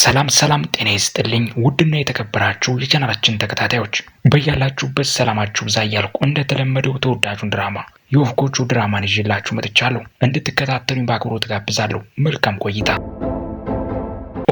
ሰላም ሰላም፣ ጤና ይስጥልኝ ውድና የተከበራችሁ የቻናላችን ተከታታዮች በያላችሁበት ሰላማችሁ ብዛ እያልኩ እንደተለመደው ተወዳጁን ድራማ የወፍ ጎጆ ድራማን ይዤላችሁ መጥቻለሁ። እንድትከታተሉኝ በአክብሮት ጋብዛለሁ። መልካም ቆይታ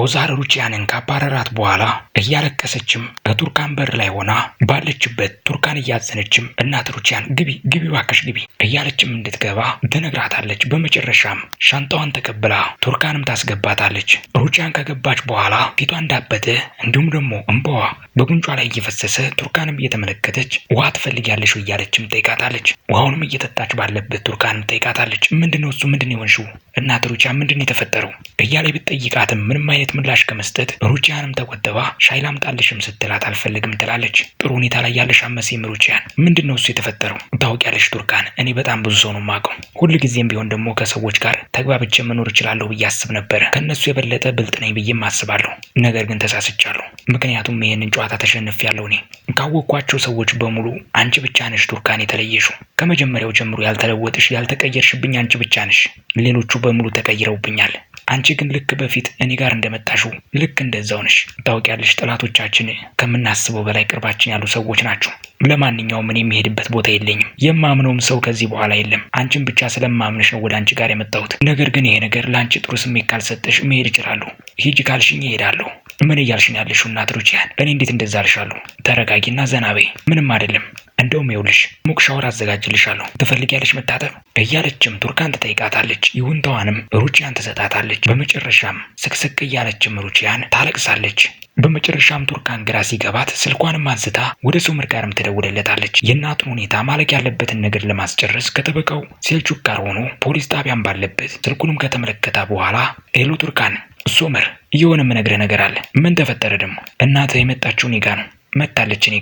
ከወዛር ሩቺያንን ካባረራት በኋላ እያለቀሰችም በቱርካን በር ላይ ሆና ባለችበት ቱርካን እያዘነችም እናት ሩቺያን ግቢ ግቢ ባከሽ ግቢ እያለችም እንድትገባ ትነግራታለች። በመጨረሻም ሻንጣዋን ተቀብላ ቱርካንም ታስገባታለች። ሩቺያን ከገባች በኋላ ፊቷ እንዳበጠ እንዲሁም ደግሞ እንባዋ በጉንጯ ላይ እየፈሰሰ ቱርካንም እየተመለከተች ውሃ ትፈልጊያለሽ እያለችም ጠይቃታለች። ውሃውንም እየጠጣች ባለበት ቱርካንም ጠይቃታለች። ምንድነው እሱ ምንድን የሆንሽው እናት ሩቺያን ምንድን የተፈጠረው እያለ ብትጠይቃትም ምንም አይነት ምላሽ ከመስጠት ሩቺያንም ተቆጥባ ሻይ ላምጣልሽም ስትላት አልፈልግም ትላለች። ጥሩ ሁኔታ ላይ ያለሽ አመሴም ሩቺያን። ምንድን ነው እሱ የተፈጠረው? ታውቂያለሽ ቱርካን፣ እኔ በጣም ብዙ ሰው ነው የማውቀው። ሁልጊዜም ቢሆን ደግሞ ከሰዎች ጋር ተግባብቼ መኖር እችላለሁ ብዬ አስብ ነበረ። ከእነሱ የበለጠ ብልጥ ነኝ ብዬም አስባለሁ። ነገር ግን ተሳስቻለሁ። ምክንያቱም ይህንን ጨዋታ ተሸንፍ ያለው እኔ ካወቅኳቸው ሰዎች በሙሉ አንቺ ብቻ ነሽ ቱርካን የተለየሽው። ከመጀመሪያው ጀምሮ ያልተለወጥሽ ያልተቀየርሽብኝ አንቺ ብቻ ነሽ። ሌሎቹ በሙሉ ተቀይረውብኛል። አንቺ ግን ልክ በፊት እኔ ጋር እንደመጣሽው ልክ እንደዛው ነሽ። ታውቂያለሽ፣ ጠላቶቻችን ከምናስበው በላይ ቅርባችን ያሉ ሰዎች ናቸው። ለማንኛውም እኔ የሚሄድበት ቦታ የለኝም። የማምነውም ሰው ከዚህ በኋላ የለም። አንቺን ብቻ ስለማምንሽ ነው ወደ አንቺ ጋር የመጣሁት። ነገር ግን ይሄ ነገር ለአንቺ ጥሩ ስሜት ካልሰጠሽ መሄድ እችላለሁ። ሂጂ ካልሽኝ እሄዳለሁ። ምን እያልሽ ነው ያለሽው? እናት ሩቺያን፣ እኔ እንዴት እንደዛ አልሻለሁ? ተረጋጊና ዘና በይ። ምንም አይደለም። እንደውም ይኸውልሽ ሙቅ ሻወር አዘጋጅልሻለሁ ትፈልጊያለሽ መታጠብ እያለችም ቱርካን ትጠይቃታለች። ይሁንታዋንም ሩችያን ትሰጣታለች። በመጨረሻም ስቅስቅ እያለችም ሩችያን ታለቅሳለች። በመጨረሻም ቱርካን ግራ ሲገባት ስልኳንም አንስታ ወደ ሶመር ጋርም ትደውለለታለች የእናቱን ሁኔታ ማለቅ ያለበትን ነገር ለማስጨረስ ከጠበቃው ሴልቹክ ጋር ሆኖ ፖሊስ ጣቢያን ባለበት ስልኩንም ከተመለከታ በኋላ ሄሎ ቱርካን፣ ሶመር እየሆነ የምነግርህ ነገር አለ። ምን ተፈጠረ ደግሞ? እናትህ የመጣችው እኔ ጋ ነው መታለች እኔ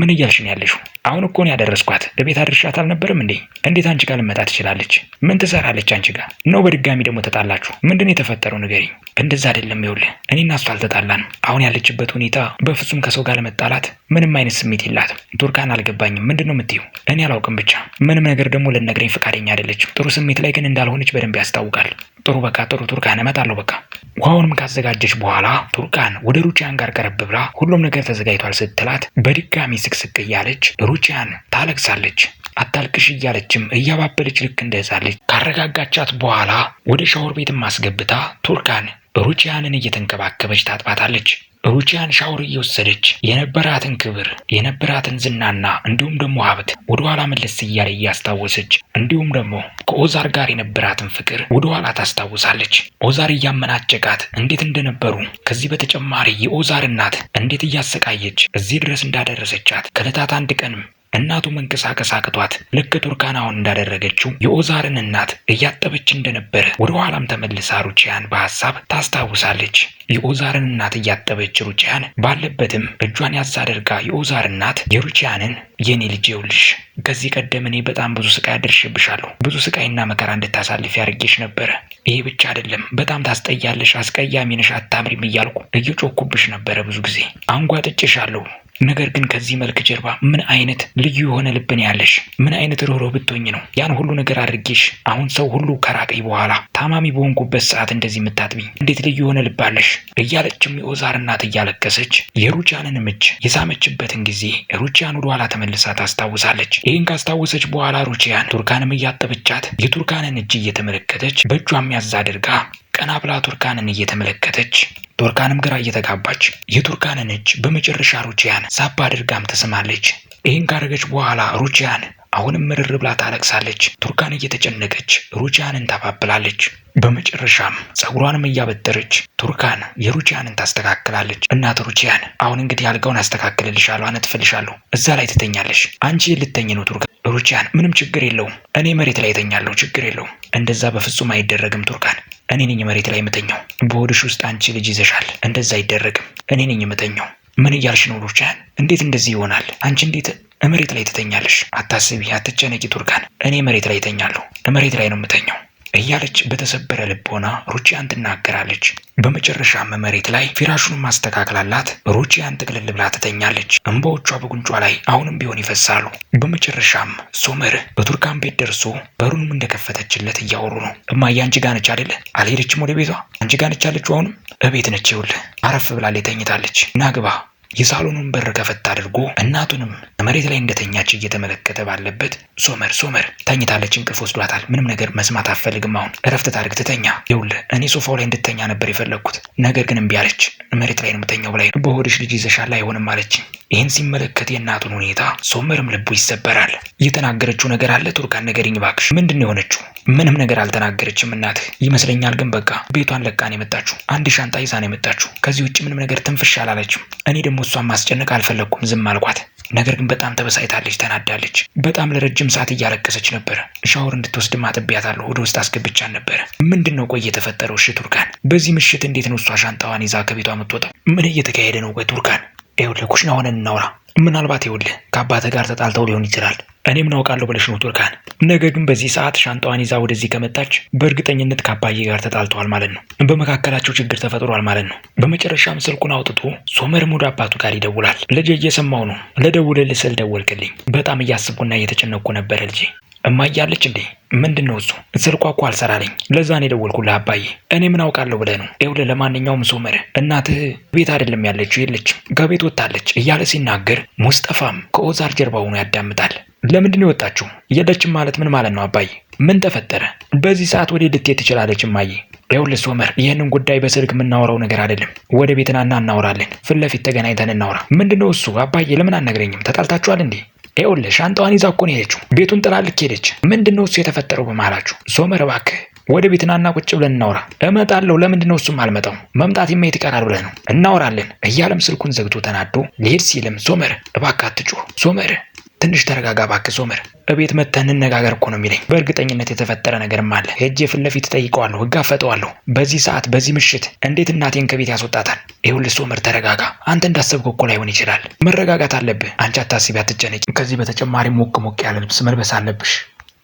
ምን እያልሽ ነው ያለሽው? አሁን እኮ ነው ያደረስኳት። እቤት አድርሻት አልነበረም እንዴ? እንዴት አንቺ ጋር ልመጣ ትችላለች? ምን ትሰራለች አንቺ ጋር? ነው በድጋሚ ደግሞ ተጣላችሁ? ምንድን የተፈጠረው ንገሪኝ። እንደዛ አይደለም። ይኸውልህ እኔና እሷ አልተጣላን። አሁን ያለችበት ሁኔታ በፍጹም ከሰው ጋር ለመጣላት ምንም አይነት ስሜት የላትም። ቱርካን አልገባኝም። ምንድን ነው የምትይው? እኔ አላውቅም። ብቻ ምንም ነገር ደግሞ ልነግረኝ ፈቃደኛ አይደለችም። ጥሩ ስሜት ላይ ግን እንዳልሆነች በደንብ ያስታውቃል። ጥሩ በቃ ጥሩ ቱርካን እመጣለሁ በቃ። ውሃውንም ካዘጋጀች በኋላ ቱርካን ወደ ሩቺያን ጋር ቀረብ ብላ ሁሉም ነገር ተዘጋጅቷል ስትላት በድጋሚ ስቅስቅ እያለች ሩቺያን ታለቅሳለች። አታልቅሽ እያለችም እያባበለች ልክ እንደዛለች ካረጋጋቻት በኋላ ወደ ሻወር ቤትም አስገብታ ቱርካን ሩቺያንን እየተንከባከበች ታጥባታለች። ሩቺያን ሻወር እየወሰደች የነበራትን ክብር የነበራትን ዝናና እንዲሁም ደግሞ ሀብት ወደኋላ መለስ እያለ እያስታወሰች እንዲሁም ደግሞ ከኦዛር ጋር የነበራትን ፍቅር ወደኋላ ታስታውሳለች። ኦዛር እያመናጨቃት እንዴት እንደነበሩ ከዚህ በተጨማሪ የኦዛር እናት እንዴት እያሰቃየች እዚህ ድረስ እንዳደረሰቻት ከዕለታት አንድ ቀንም እናቱ መንቀሳቀስ አቅቷት ልክ ቱርካን አሁን እንዳደረገችው የኦዛርን እናት እያጠበች እንደነበረ ወደ ኋላም ተመልሳ ሩቺያን በሀሳብ ታስታውሳለች። የኦዛርን እናት እያጠበች ሩቺያን ባለበትም እጇን ያዝ አድርጋ የኦዛር እናት የሩቺያንን የኔ ልጅ ይውልሽ ከዚህ ቀደም እኔ በጣም ብዙ ስቃይ አደርሽብሻለሁ። ብዙ ስቃይና መከራ እንድታሳልፍ ያደርጌሽ ነበረ። ይሄ ብቻ አይደለም፣ በጣም ታስጠያለሽ፣ አስቀያሚ ነሽ፣ አታምሪም እያልኩ እየጮኩብሽ ነበረ ብዙ ጊዜ አንጓጥጭሻለሁ ነገር ግን ከዚህ መልክ ጀርባ ምን አይነት ልዩ የሆነ ልብን ያለሽ ምን አይነት ሮሮ ብትሆኝ ነው ያን ሁሉ ነገር አድርጌሽ አሁን ሰው ሁሉ ከራቀኝ በኋላ ታማሚ በሆንኩበት ሰዓት እንደዚህ የምታጥቢኝ እንዴት ልዩ የሆነ ልብ አለሽ እያለችም የኦዛር እናት እያለቀሰች የሩጫንን ምች የሳመችበትን ጊዜ ሩጫን ወደ ኋላ ተመልሳ ታስታውሳለች። ይህን ካስታወሰች በኋላ ሩቺያን ቱርካንም እያጠበቻት የቱርካንን እጅ እየተመለከተች በእጇም ያዛ አድርጋ ቀና ብላ ቱርካንን እየተመለከተች ቱርካንም ግራ እየተጋባች የቱርካንን እጅ በመጨረሻ ሩቺያን ሳባ አድርጋም ትስማለች። ይህን ካደረገች በኋላ ሩቺያን አሁንም ምርር ብላ ታለቅሳለች። ቱርካን እየተጨነቀች ሩቺያንን ታባብላለች። በመጨረሻም ጸጉሯንም እያበጠረች ቱርካን የሩቺያንን ታስተካክላለች። እናት ሩቺያን፣ አሁን እንግዲህ አልጋውን አስተካክልልሻለሁ፣ አነጥፍልሻለሁ፣ እዛ ላይ ትተኛለሽ። አንቺ ልተኝ ነው ቱርካን። ሩቺያን፣ ምንም ችግር የለውም እኔ መሬት ላይ ተኛለሁ፣ ችግር የለውም። እንደዛ በፍጹም አይደረግም ቱርካን እኔ ነኝ መሬት ላይ የምተኛው። በሆድሽ ውስጥ አንቺ ልጅ ይዘሻል። እንደዛ አይደረግም። እኔ ነኝ የምተኛው። ምን እያልሽ ነው ሉቻን? እንዴት እንደዚህ ይሆናል? አንቺ እንዴት መሬት ላይ ትተኛለሽ? አታስቢ፣ አትጨነቂ ቱርካን። እኔ መሬት ላይ እተኛለሁ። መሬት ላይ ነው የምተኛው። እያለች በተሰበረ ሆና ሩቺያን ትናገራለች። በመጨረሻም መሬት ላይ ፊራሹን ማስተካከላላት ሩቺያን ጥቅልል ብላ ትተኛለች። እንባዎቿ በጉንጯ ላይ አሁንም ቢሆን ይፈሳሉ። በመጨረሻም ሶመር በቱርካን ቤት ደርሶ በሩንም እንደከፈተችለት እያወሩ ነው። እማዬ አንቺ ጋ ነች አይደለ? አልሄደችም ወደ ቤቷ? አንቺ ጋ ነች አለችው። አሁንም እቤት ነች። ይኸውልህ አረፍ ብላ ተኝታለች። ናግባ የሳሎኑን በር ከፈት አድርጎ እናቱንም መሬት ላይ እንደተኛች እየተመለከተ ባለበት ሶመር ሶመር ተኝታለች፣ እንቅልፍ ወስዷታል፣ ምንም ነገር መስማት አፈልግም አሁን እረፍት ታድርግ ትተኛ። ይኸውልህ እኔ ሶፋው ላይ እንድተኛ ነበር የፈለግኩት፣ ነገር ግን እምቢ አለች። መሬት ላይ ነው የምተኛው ላይ በሆድሽ ልጅ ይዘሻል አይሆንም አለችኝ። ይህን ሲመለከት የእናቱን ሁኔታ ሶመርም ልቡ ይሰበራል። የተናገረችው ነገር አለ? ቱርካን ነገርኝ እባክሽ። ምንድን የሆነችው? ምንም ነገር አልተናገረችም እናትህ ይመስለኛል። ግን በቃ ቤቷን ለቃን የመጣችሁ አንድ ሻንጣ ይዛ ነው የመጣችሁ። ከዚህ ውጭ ምንም ነገር ትንፍሻ አላለችም። እኔ ደግሞ እሷን ማስጨነቅ አልፈለግኩም፣ ዝም አልኳት። ነገር ግን በጣም ተበሳይታለች፣ ተናዳለች። በጣም ለረጅም ሰዓት እያለቀሰች ነበረ። ሻወር እንድትወስድ ማጥቢያታለሁ፣ ወደ ውስጥ አስገብቻን ነበረ። ምንድን ነው ቆይ የተፈጠረው? እሺ ቱርካን፣ በዚህ ምሽት እንዴት ነው እሷ ሻንጣዋን ይዛ ከቤቷ የምትወጣው? ምን እየተካሄደ ነው? ቆይ ቱርካን ይኸውልህ ኩሽና ሆነን እናውራ። ምናልባት ይኸውልህ ከአባተ ጋር ተጣልተው ሊሆን ይችላል። እኔም እናውቃለሁ ብለሽ ነው ቱርካን። ነገ ግን በዚህ ሰዓት ሻንጣዋን ይዛ ወደዚህ ከመጣች በእርግጠኝነት ከአባዬ ጋር ተጣልተዋል ማለት ነው። በመካከላቸው ችግር ተፈጥሯል ማለት ነው። በመጨረሻም ስልኩን አውጥቶ ሶመርም ወደ አባቱ ጋር ይደውላል። ልጄ እየሰማው ነው። ለደውልልህ ስል ደወልክልኝ። በጣም እያስብኩና እየተጨነቅኩ ነበረ ልጄ እማያለች እንዴ? ምንድን ነው እሱ? ስልኳኮ አልሰራለኝ ለዛ ነው የደወልኩልህ አባዬ። እኔ ምን አውቃለሁ ብለህ ነው? ይኸውልህ፣ ለማንኛውም ሶመር እናትህ ቤት አይደለም ያለችው፣ የለችም፣ ከቤት ወጥታለች እያለ ሲናገር ሙስጠፋም ከኦዛር ጀርባ ሆኖ ያዳምጣል። ለምንድን ነው የወጣችው? የለችም ማለት ምን ማለት ነው አባዬ? ምን ተፈጠረ? በዚህ ሰዓት ወዴት ልትሄድ ትችላለች? እማዬ ይኸውልህ ሶመር፣ ይህንን ጉዳይ በስልክ የምናወራው ነገር አይደለም። ወደ ቤትና እናወራለን። ፊት ለፊት ተገናኝተን እናውራ። ምንድን ነው እሱ አባዬ? ለምን አነግረኝም? ተጣልታችኋል እንዴ? ይኸውልህ ሻንጣዋን ይዛ እኮ ነው የሄደችው። ቤቱን ጥላ ልክ ሄደች። ምንድን ነው እሱ የተፈጠረው በማላችሁ? ሶመር እባክህ ወደ ቤት ናና ቁጭ ብለን እናውራ። እመጣለሁ። ለምንድን ነው እሱም አልመጣው? መምጣት የማየት ይቀራል ብለህ ነው? እናወራለን እያለም ስልኩን ዘግቶ ተናዶ ሊሄድ ሲልም ሶመር እባክህ አትጩህ፣ ሶመር ትንሽ ተረጋጋ እባክህ ሶመር እቤት መተን እንነጋገር እኮ ነው የሚለኝ። በእርግጠኝነት የተፈጠረ ነገርም አለ። ሄጄ ፊት ለፊት እጠይቀዋለሁ፣ እጋፈጠዋለሁ። በዚህ ሰዓት በዚህ ምሽት እንዴት እናቴን ከቤት ያስወጣታል? ይኸውልህ ሶመር ተረጋጋ። አንተ እንዳሰብከው እኮ ላይሆን ይችላል። መረጋጋት አለብህ። አንቺ አታስቢ፣ አትጨነቂ። ከዚህ በተጨማሪ ሞቅ ሞቅ ያለ ልብስ መልበስ አለብሽ።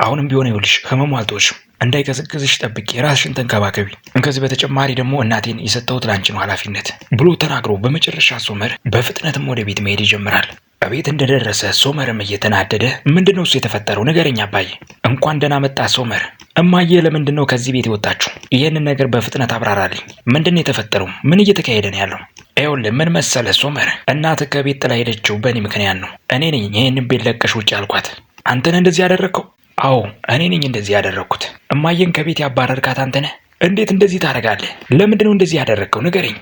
አሁንም ቢሆን ይኸውልሽ ህመሙ አልተወሽም። እንዳይቀዘቅዝሽ ጠብቂ፣ ራስሽን ተንከባከቢ። ከዚህ በተጨማሪ ደግሞ እናቴን የሰጠሁት ላንቺ ነው ኃላፊነት ብሎ ተናግሮ በመጨረሻ ሶመር በፍጥነትም ወደ ቤት መሄድ ይጀምራል። ቤት እንደደረሰ ሶመርም እየተናደደ ምንድነው እሱ የተፈጠረው ንገረኝ አባዬ። እንኳን ደህና መጣ ሶመር። እማዬ ለምንድን ነው ከዚህ ቤት የወጣችሁ? ይህንን ነገር በፍጥነት አብራራልኝ። ምንድን ነው የተፈጠረው? ምን እየተካሄደ ነው ያለው? ይኸውልህ ምን መሰለ ሶመር፣ እናትህ ከቤት ጥላ ሄደችው በእኔ ምክንያት ነው። እኔ ነኝ ይህንን ቤት ለቀሽ ውጭ አልኳት። አንተን እንደዚህ ያደረግከው? አዎ እኔ ነኝ እንደዚህ ያደረግኩት። እማዬን ከቤት ያባረርካት አንተ ነህ። እንዴት እንደዚህ ታደርጋለህ? ለምንድን ነው እንደዚህ ያደረግከው ንገረኝ።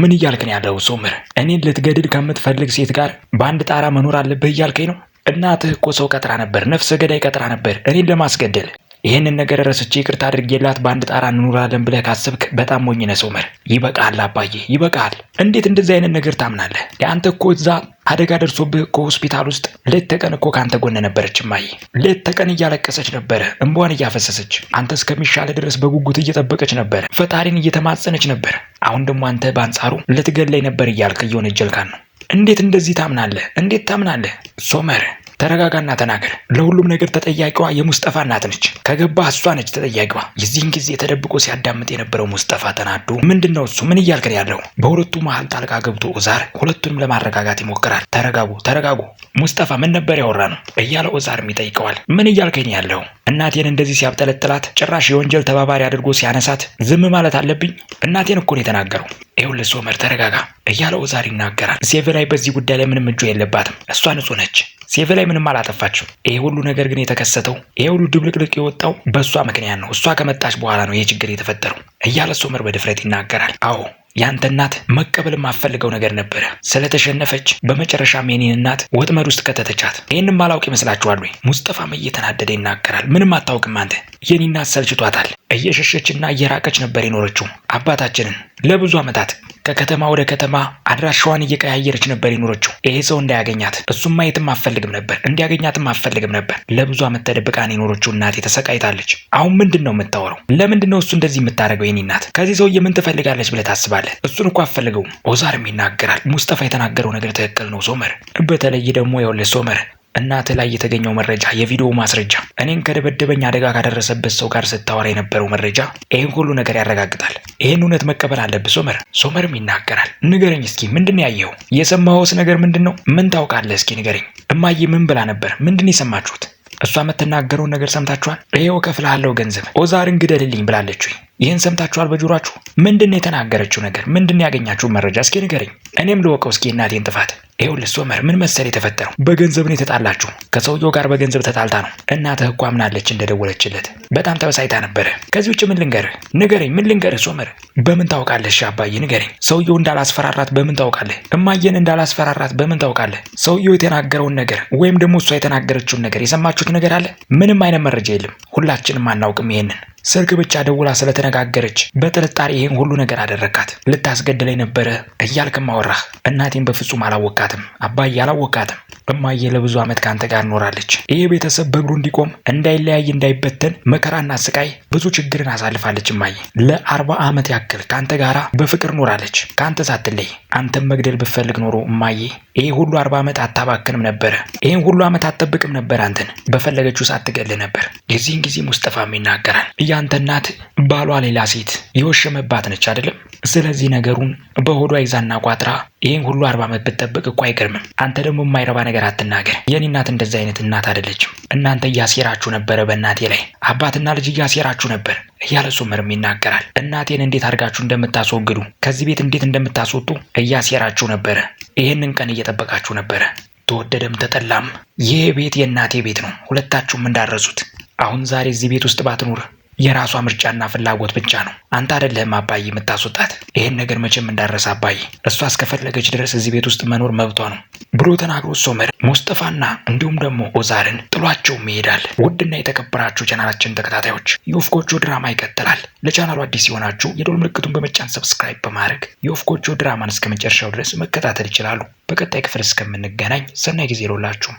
ምን እያልክ ነው ያለው ሶምር? እኔን ልትገድል ከምትፈልግ ሴት ጋር በአንድ ጣራ መኖር አለብህ እያልከኝ ነው? እናትህ እኮ ሰው ቀጥራ ነበር፣ ነፍሰ ገዳይ ቀጥራ ነበር እኔን ለማስገደል። ይህንን ነገር ረስቼ ይቅርታ አድርጌላት በአንድ ጣራ እንኖራለን ብለህ ካሰብክ በጣም ሞኝ ነህ ሶመር። ይበቃል አባዬ ይበቃል። እንዴት እንደዚህ አይነት ነገር ታምናለህ? የአንተ እኮ እዛ አደጋ ደርሶብህ እኮ ሆስፒታል ውስጥ ሌት ተቀን እኮ ከአንተ ጎን ነበረች ማይ ሌት ተቀን እያለቀሰች ነበረ፣ እንቧን እያፈሰሰች፣ አንተ እስከሚሻለ ድረስ በጉጉት እየጠበቀች ነበረ፣ ፈጣሪን እየተማጸነች ነበር። አሁን ደግሞ አንተ በአንጻሩ ለትገላይ ነበር እያልክ እየሆነ ጀልካን ነው። እንዴት እንደዚህ ታምናለህ? እንዴት ታምናለህ ሶመር? ተረጋጋና ተናገር። ለሁሉም ነገር ተጠያቂዋ የሙስጠፋ እናት ነች። ከገባህ እሷ ነች ተጠያቂዋ። የዚህን ጊዜ ተደብቆ ሲያዳምጥ የነበረው ሙስጠፋ ተናዶ ምንድን ነው እሱ ምን እያልክ ነው ያለው? በሁለቱ መሀል ጣልቃ ገብቶ ኦዛር ሁለቱንም ለማረጋጋት ይሞክራል። ተረጋጉ፣ ተረጋጉ፣ ሙስጠፋ ምን ነበር ያወራ ነው እያለ ኦዛርም ይጠይቀዋል። ምን እያልከኝ ያለው እናቴን እንደዚህ ሲያብጠለጥላት፣ ጭራሽ የወንጀል ተባባሪ አድርጎ ሲያነሳት ዝም ማለት አለብኝ? እናቴን እኮ ነው የተናገረው። ይኸውልህ ሶመር ተረጋጋ እያለ ኦዛር ይናገራል። ሴቨላይ በዚህ ጉዳይ ላይ ምንም እጆ የለባትም። እሷ ንጹህ ነች። ሴቨላይ ምንም አላጠፋችው። ይሄ ሁሉ ነገር ግን የተከሰተው ይሄ ሁሉ ድብልቅልቅ የወጣው በእሷ ምክንያት ነው። እሷ ከመጣች በኋላ ነው ይሄ ችግር የተፈጠረው እያለ ሶመር በድፍረት ይናገራል። አዎ ያንተ እናት መቀበል የማፈልገው ነገር ነበረ። ስለተሸነፈች በመጨረሻም የኔን እናት ወጥመድ ውስጥ ከተተቻት። ይህንም አላውቅ ይመስላችኋል ወይ? ሙስጠፋም እየተናደደ ይናገራል። ምንም አታውቅም አንተ። የኔ እናት ሰልችቷታል። እየሸሸችና እየራቀች ነበር የኖረችው። አባታችንን ለብዙ ዓመታት ከከተማ ወደ ከተማ አድራሻዋን እየቀያየረች ነበር የኖረችው። ይሄ ሰው እንዳያገኛት እሱም ማየትም አፈልግም ነበር፣ እንዲያገኛትም አፈልግም ነበር። ለብዙ ዓመት ተደብቃን የኖረችው እናቴ ተሰቃይታለች። አሁን ምንድን ነው የምታወረው? ለምንድን ነው እሱ እንደዚህ የምታደርገው? የኔ እናት ከዚህ ሰውዬ ምን ትፈልጋለች ብለህ ታስባለህ? እሱን እኮ አፈልገውም። ኦዛርም ይናገራል። ሙስጠፋ የተናገረው ነገር ትክክል ነው ሶመር። በተለይ ደግሞ የውለ ሶመር እናት ላይ የተገኘው መረጃ፣ የቪዲዮ ማስረጃ፣ እኔን ከደበደበኝ አደጋ ካደረሰበት ሰው ጋር ስታወራ የነበረው መረጃ ይህን ሁሉ ነገር ያረጋግጣል። ይህን እውነት መቀበል አለብህ ሶመር። ሶመርም ይናገራል። ንገረኝ እስኪ ምንድን ያየው? የሰማኸውስ ነገር ምንድን ነው? ምን ታውቃለህ? እስኪ ንገረኝ። እማዬ ምን ብላ ነበር? ምንድን የሰማችሁት? እሷ የምትናገረውን ነገር ሰምታችኋል? ይሄው እከፍልሃለሁ ገንዘብ ኦዛርን ግደልልኝ ብላለችኝ። ይህን ሰምታችኋል በጆሯችሁ? ምንድን ነው የተናገረችው ነገር? ምንድን ያገኛችሁ መረጃ እስኪ ንገረኝ፣ እኔም ልወቀው እስኪ እናቴን ጥፋት። ይኸውልህ ሶመር፣ ምን መሰል የተፈጠረው በገንዘብ ነው የተጣላችሁ። ከሰውየው ጋር በገንዘብ ተጣልታ ነው። እናትህ እኮ አምናለች እንደደወለችለት፣ በጣም ተበሳይታ ነበረ። ከዚህ ውጭ ምን ልንገርህ? ንገረኝ፣ ምን ልንገርህ ሶመር? በምን ታውቃለህ? አባዬ ንገረኝ። ሰውየው እንዳላስፈራራት በምን ታውቃለህ? እማየን እንዳላስፈራራት በምን ታውቃለህ? ሰውየው የተናገረውን ነገር ወይም ደግሞ እሷ የተናገረችውን ነገር የሰማችሁት ነገር አለ? ምንም አይነት መረጃ የለም። ሁላችንም አናውቅም ይሄንን ስልክ ብቻ ደውላ ስለተነጋገረች በጥርጣሬ ይህን ሁሉ ነገር አደረካት። ልታስገድለኝ ነበረ እያልክም አወራህ። እናቴን በፍጹም አላወቃትም፣ አባዬ አላወቃትም። እማዬ ለብዙ ዓመት ከአንተ ጋር ኖራለች። ይሄ ቤተሰብ በእግሩ እንዲቆም እንዳይለያይ፣ እንዳይበተን መከራና ስቃይ ብዙ ችግርን አሳልፋለች። እማዬ ለአርባ ዓመት ያክል ከአንተ ጋር በፍቅር ኖራለች፣ ከአንተ ሳትለይ። አንተን መግደል ብፈልግ ኖሮ እማዬ ይህ ሁሉ አርባ ዓመት አታባክንም ነበረ፣ ይህን ሁሉ ዓመት አትጠብቅም ነበር። አንተን በፈለገችው ሳትገል ነበር። የዚህን ጊዜ ሙስጠፋም ይናገራል ያንተ እናት ባሏ ሌላ ሴት የወሸመባት ነች አይደለም? ስለዚህ ነገሩን በሆዷ ይዛና ቋጥራ ይህን ሁሉ አርባ ዓመት ብትጠብቅ እኮ አይገርምም። አንተ ደግሞ የማይረባ ነገር አትናገር። የኔ እናት እንደዚህ አይነት እናት አይደለችም። እናንተ እያሴራችሁ ነበረ በእናቴ ላይ አባትና ልጅ እያሴራችሁ ነበር እያለ ሶመርም ይናገራል። እናቴን እንዴት አድርጋችሁ እንደምታስወግዱ ከዚህ ቤት እንዴት እንደምታስወጡ እያሴራችሁ ነበረ። ይህንን ቀን እየጠበቃችሁ ነበረ። ተወደደም ተጠላም ይህ ቤት የእናቴ ቤት ነው። ሁለታችሁም እንዳረሱት አሁን ዛሬ እዚህ ቤት ውስጥ ባትኖር የራሷ ምርጫና ፍላጎት ብቻ ነው። አንተ አደለህም አባዬ የምታስወጣት። ይህን ነገር መቼም እንዳረሰ አባዬ፣ እሷ እስከፈለገች ድረስ እዚህ ቤት ውስጥ መኖር መብቷ ነው ብሎ ተናግሮ ሶመር ሙስጠፋና እንዲሁም ደግሞ ኦዛርን ጥሏቸውም ይሄዳል። ውድና የተከበራችሁ ቻናላችን ተከታታዮች የወፍ ጎጆ ድራማ ይቀጥላል። ለቻናሉ አዲስ የሆናችሁ የደወል ምልክቱን በመጫን ሰብስክራይብ በማድረግ የወፍ ጎጆ ድራማን እስከ መጨረሻው ድረስ መከታተል ይችላሉ። በቀጣይ ክፍል እስከምንገናኝ ሰናይ ጊዜ ይሁንላችሁ።